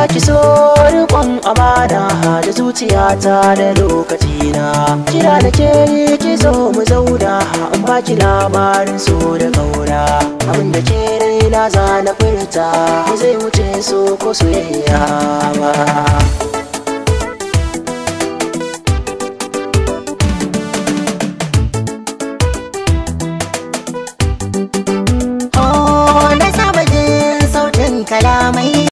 za ki so riƙon amana da zuciyata da lokacina kira da ke ki zo mu zauna an ki labarin so da gaura abin da ke na za na furta zai wuce so ko soyayya ba oh, kalamai